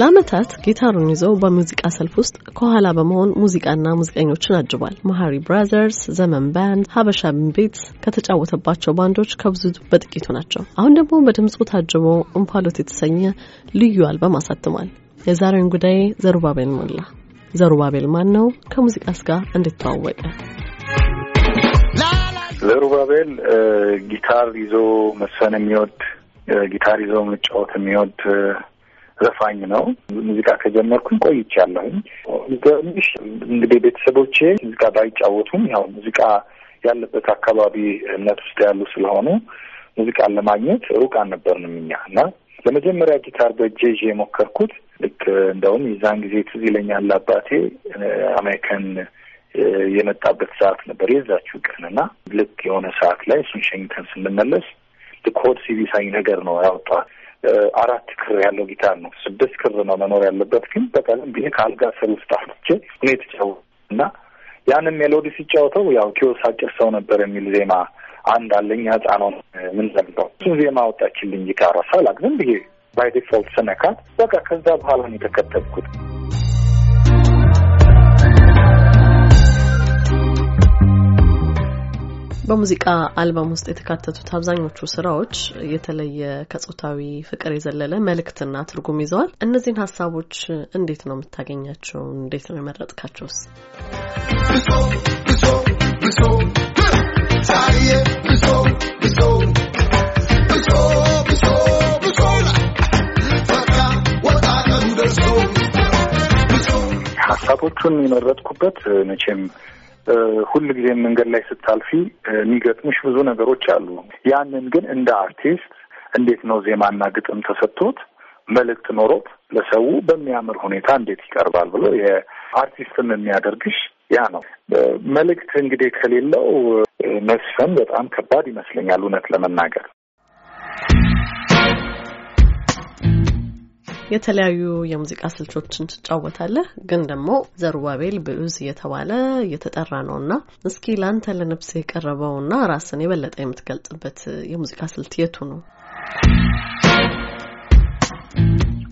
ለአመታት ጊታሩን ይዘው በሙዚቃ ሰልፍ ውስጥ ከኋላ በመሆን ሙዚቃና ሙዚቀኞችን አጅቧል። መሃሪ ብራዘርስ፣ ዘመን ባንድ፣ ሀበሻ ቤት ከተጫወተባቸው ባንዶች ከብዙ በጥቂቱ ናቸው። አሁን ደግሞ በድምፁ ታጅቦ እንፋሎት የተሰኘ ልዩ አልበም አሳትሟል። የዛሬውን ጉዳይ ዘሩባቤል ሞላ። ዘሩባቤል ማን ነው? ከሙዚቃስ ጋር እንዴት ተዋወቀ? ዘሩባቤል ጊታር ይዞ መሰን የሚወድ ጊታር ይዞ መጫወት የሚወድ ዘፋኝ ነው። ሙዚቃ ከጀመርኩኝ ቆይቻለሁኝ። ትንሽ እንግዲህ ቤተሰቦቼ ሙዚቃ ባይጫወቱም ያው ሙዚቃ ያለበት አካባቢ እምነት ውስጥ ያሉ ስለሆኑ ሙዚቃን ለማግኘት ሩቅ አልነበርንም እኛ እና ለመጀመሪያ ጊታር በእጄ ይዤ የሞከርኩት ልክ እንደውም የዛን ጊዜ ትዝ ይለኛል አባቴ አሜሪካን የመጣበት ሰዓት ነበር የዛችው ቀን እና ልክ የሆነ ሰዓት ላይ እሱን ሸኝተን ስንመለስ ኮድ ሲቪሳኝ ነገር ነው ያወጣ አራት ክር ያለው ጊታር ነው። ስድስት ክር ነው መኖር ያለበት ግን በቀለም ብዬ ከአልጋ ስር ውስጥ አፍቼ ሁኔ የተጫወ እና ያንም ሜሎዲ ሲጫወተው ያው ኪዮስ አጭር ሰው ነበር የሚል ዜማ አንድ አለኝ ህጻኖን ምን ዘምተው እሱን ዜማ አወጣችልኝ ጊታሯ ሳላቅ ዝም ብዬ ባይ ዲፎልት ስነካት በቃ ከዛ በኋላ ነው የተከተብኩት። በሙዚቃ አልበም ውስጥ የተካተቱት አብዛኞቹ ስራዎች የተለየ ከጾታዊ ፍቅር የዘለለ መልእክትና ትርጉም ይዘዋል። እነዚህን ሀሳቦች እንዴት ነው የምታገኛቸው? እንዴት ነው የመረጥካቸውስ? ሀሳቦቹን የመረጥኩበት መቼም ሁል ጊዜ መንገድ ላይ ስታልፊ የሚገጥሙሽ ብዙ ነገሮች አሉ። ያንን ግን እንደ አርቲስት እንዴት ነው ዜማና ግጥም ተሰጥቶት መልእክት ኖሮት ለሰው በሚያምር ሁኔታ እንዴት ይቀርባል ብሎ የአርቲስትም የሚያደርግሽ ያ ነው። መልእክት እንግዲህ ከሌለው መስፈን በጣም ከባድ ይመስለኛል እውነት ለመናገር የተለያዩ የሙዚቃ ስልቶችን ትጫወታለህ፣ ግን ደግሞ ዘሩባቤል ብሉዝ እየተባለ እየተጠራ እና እስኪ ለአንተ ለነፍስ የቀረበውና ራስን የበለጠ የምትገልጽበት የሙዚቃ ስልት የቱ ነው?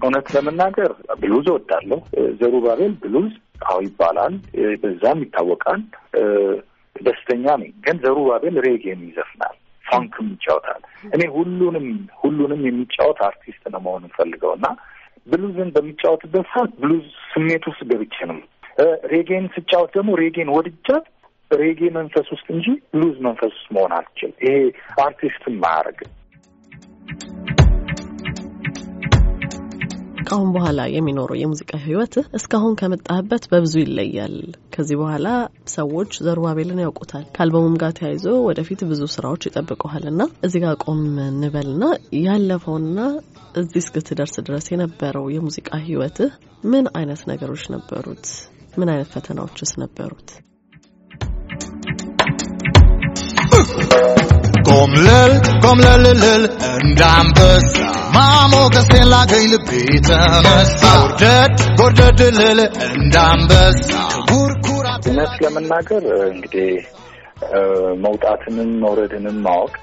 እውነት ለመናገር ብሉዝ እወዳለሁ። ዘሩባቤል ብሉዝ አዎ ይባላል፣ በዛም ይታወቃል። ደስተኛ ነኝ። ግን ዘሩባቤል ሬጌም ይዘፍናል፣ ፋንክም ይጫወታል። እኔ ሁሉንም ሁሉንም የሚጫወት አርቲስት ነው መሆን እንፈልገው እና ብሉዝን በሚጫወትበት ሰዓት ብሉዝ ስሜት ውስጥ ገብቼ ነው። ሬጌን ስጫወት ደግሞ ሬጌን ወድጃት ሬጌ መንፈስ ውስጥ እንጂ ብሉዝ መንፈስ ውስጥ መሆን አልችል። ይሄ አርቲስትም አያደርግም። ከአሁን በኋላ የሚኖረው የሙዚቃ ህይወትህ እስካሁን ከመጣህበት በብዙ ይለያል። ከዚህ በኋላ ሰዎች ዘሩባቤልን ያውቁታል። ከአልበሙም ጋር ተያይዞ ወደፊት ብዙ ስራዎች ይጠብቀዋል ና እዚህ ጋር ቆም ና ያለፈውና እዚህ እስክትደርስ ድረስ የነበረው የሙዚቃ ህይወትህ ምን አይነት ነገሮች ነበሩት? ምን አይነት ፈተናዎችስ ነበሩት? ቆምለል ቆምለልልል እንዳንበሳ ማሞገሴን ላገኝ ልቤ ተመሳ ጎርደድ ጎርደድልል እንዳንበሳ እውነት ለመናገር እንግዲህ መውጣትንም መውረድንም ማወቅ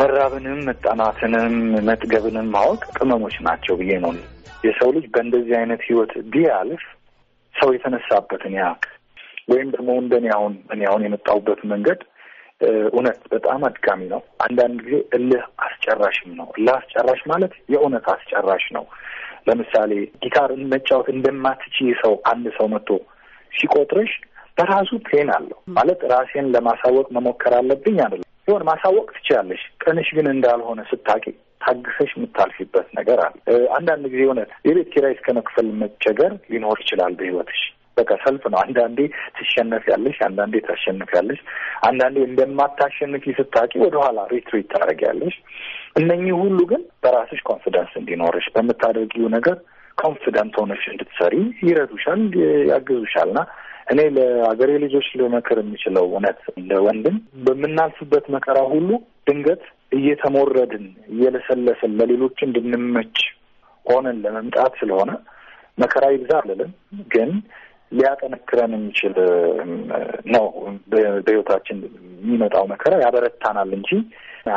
መራብንም መጠማትንም መጥገብንም ማወቅ ቅመሞች ናቸው ብዬ ነው። የሰው ልጅ በእንደዚህ አይነት ህይወት ቢያልፍ ሰው የተነሳበትን ያህል ወይም ደግሞ እንደኔ አሁን እኔ አሁን የመጣሁበት መንገድ እውነት በጣም አድካሚ ነው። አንዳንድ ጊዜ እልህ አስጨራሽም ነው። እልህ አስጨራሽ ማለት የእውነት አስጨራሽ ነው። ለምሳሌ ጊታር መጫወት እንደማትችይ ሰው አንድ ሰው መጥቶ ሲቆጥርሽ በራሱ ፔን አለው ማለት ራሴን ለማሳወቅ መሞከር አለብኝ አይደለም። ሲሆን ማሳወቅ ትችላለች ቀንሽ ግን እንዳልሆነ ስታቂ ታግሰሽ የምታልፊበት ነገር አለ። አንዳንድ ጊዜ እውነት የቤት ኪራይ እስከ መክፈል መቸገር ሊኖር ይችላል በህይወትሽ። በቃ ሰልፍ ነው። አንዳንዴ ትሸነፊያለሽ፣ አንዳንዴ ታሸንፊያለሽ፣ አንዳንዴ እንደማታሸንፊ ስታቂ ወደኋላ ሪትሪት ታደርጊያለሽ። እነኚህ ሁሉ ግን በራስሽ ኮንፊደንስ እንዲኖርሽ በምታደርጊው ነገር ኮንፊደንት ሆነሽ እንድትሰሪ ይረዱሻል፣ ያግዙሻል ና እኔ ለአገሬ ልጆች ልመክር የሚችለው እውነት ለወንድም በምናልፍበት መከራ ሁሉ ድንገት እየተሞረድን እየለሰለስን ለሌሎች እንድንመች ሆነን ለመምጣት ስለሆነ መከራ ይብዛ አልልም፣ ግን ሊያጠነክረን የሚችል ነው። በህይወታችን የሚመጣው መከራ ያበረታናል እንጂ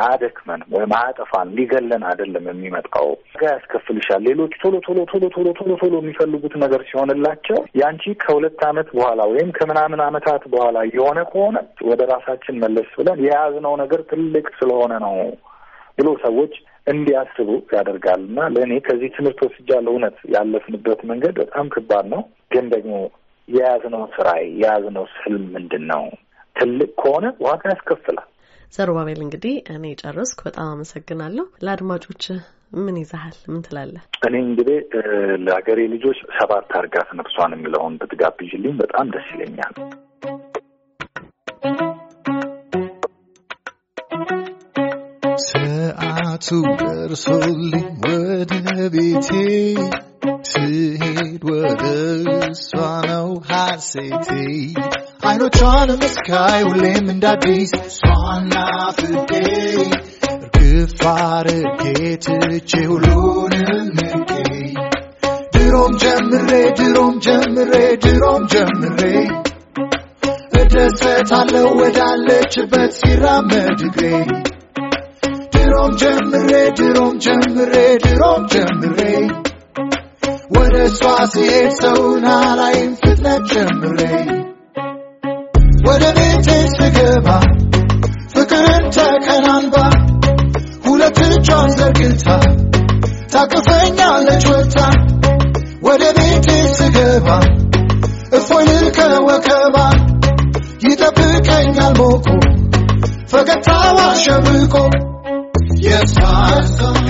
አያደክመንም ወይም አያጠፋን ሊገለን አይደለም የሚመጣው ጋ ያስከፍልሻል። ሌሎች ቶሎ ቶሎ ቶሎ ቶሎ ቶሎ ቶሎ የሚፈልጉት ነገር ሲሆንላቸው ያንቺ ከሁለት ዓመት በኋላ ወይም ከምናምን አመታት በኋላ የሆነ ከሆነ ወደ ራሳችን መለስ ብለን የያዝነው ነገር ትልቅ ስለሆነ ነው ብሎ ሰዎች እንዲያስቡ ያደርጋል እና ለእኔ ከዚህ ትምህርት ወስጃለሁ። እውነት ያለፍንበት መንገድ በጣም ከባድ ነው፣ ግን ደግሞ የያዝነው ስራይ የያዝነው ስልም ምንድን ነው? ትልቅ ከሆነ ዋጋ ያስከፍላል። ዘሩባቤል እንግዲህ እኔ ጨርስኩ። በጣም አመሰግናለሁ። ለአድማጮች ምን ይዛሃል? ምን ትላለህ? እኔ እንግዲህ ለሀገሬ ልጆች ሰባት አርጋት ነፍሷን የሚለውን ብትጋብዥልኝ በጣም ደስ ይለኛል። ሰዓቱ ደርሶልኝ ወደ ቤቴ ስሄድ ወደ እሷ ነው ሴቴ አይኖቿን መስካይ ሁሌም እንዳዲስ እሷና ፍዴ እርግፍ ትቼ ሁሉንም ድሮም ጀምሬ ድሮም ጀምሬ ድሮም ጀምሬ እደሰታለሁ ወዳለችበት ሲራመድ እግሬ ድሮም ጀምሬ ድሮም ጀምሬ ድሮም ጀምሬ ወደ እሷ ሲሄድ ሰውን አላይም ፍጥነት ጀምሬ ወደ ቤቴ ስገባ ፍቅርን ተከናንባ ሁለት እጇን ዘርግታ ታቅፈኛለች ወታ ወደ ቤቴ ስገባ እፎይ ልል ከወከባ ይጠብቀኛል ሞቆ ፈገግታዋ ሸብቆ የሳሰ